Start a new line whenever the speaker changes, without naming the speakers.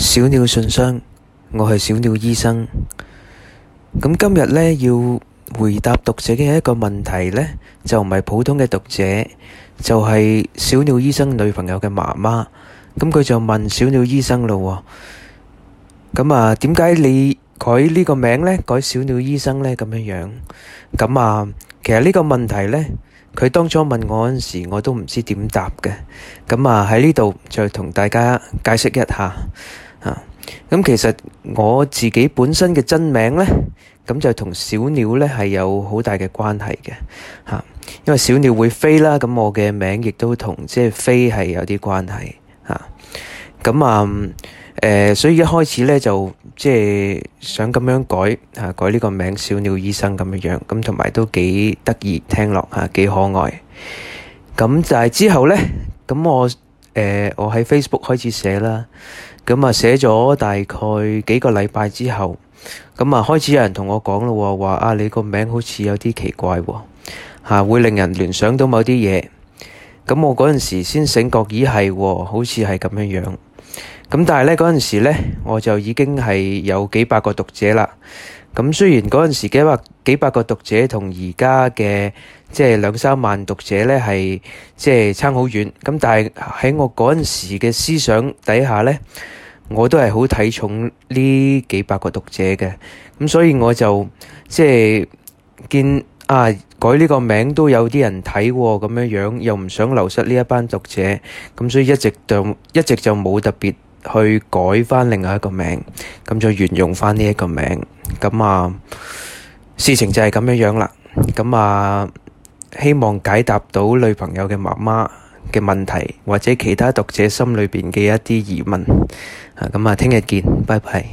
小鳥信箱，我係小鳥醫生。咁今日咧，要回答讀者嘅一個問題咧，就唔係普通嘅讀者，就係、是、小鳥醫生女朋友嘅媽媽。咁佢就問小鳥醫生咯，咁啊，點解你改呢個名咧？改小鳥醫生咧，咁樣樣咁啊？其實呢個問題咧，佢當初問我嗰陣時，我都唔知點答嘅。咁啊，喺呢度再同大家解釋一下。啊，咁其實我自己本身嘅真名咧，咁就同小鳥咧係有好大嘅關係嘅，吓，因為小鳥會飛啦，咁我嘅名亦都同即係飛係有啲關係，吓，咁啊，誒，所以一開始咧就即係想咁樣改吓，改呢個名小鳥醫生咁嘅樣，咁同埋都幾得意聽落吓，幾可愛，咁就係之後咧，咁我。嗯，我喺 Facebook 開始寫啦，咁啊寫咗大概幾個禮拜之後，咁啊開始有人同我講咯，話啊你個名好似有啲奇怪，吓，會令人聯想到某啲嘢，咁我嗰陣時先醒覺咦，係，好似係咁樣樣。咁但係咧，嗰陣時咧，我就已經係有幾百個讀者啦。咁雖然嗰陣時嘅話，幾百個讀者同而家嘅即係兩三萬讀者咧係即係差好遠。咁但係喺我嗰陣時嘅思想底下咧，我都係好睇重呢幾百個讀者嘅。咁所以我就即係堅。見啊！改呢個名都有啲人睇，咁樣樣又唔想流失呢一班讀者，咁所以一直就一直就冇特別去改翻另外一個名，咁就沿用翻呢一個名。咁啊，事情就係咁樣樣啦。咁啊，希望解答到女朋友嘅媽媽嘅問題，或者其他讀者心裏邊嘅一啲疑問。啊，咁啊，聽日見，拜拜。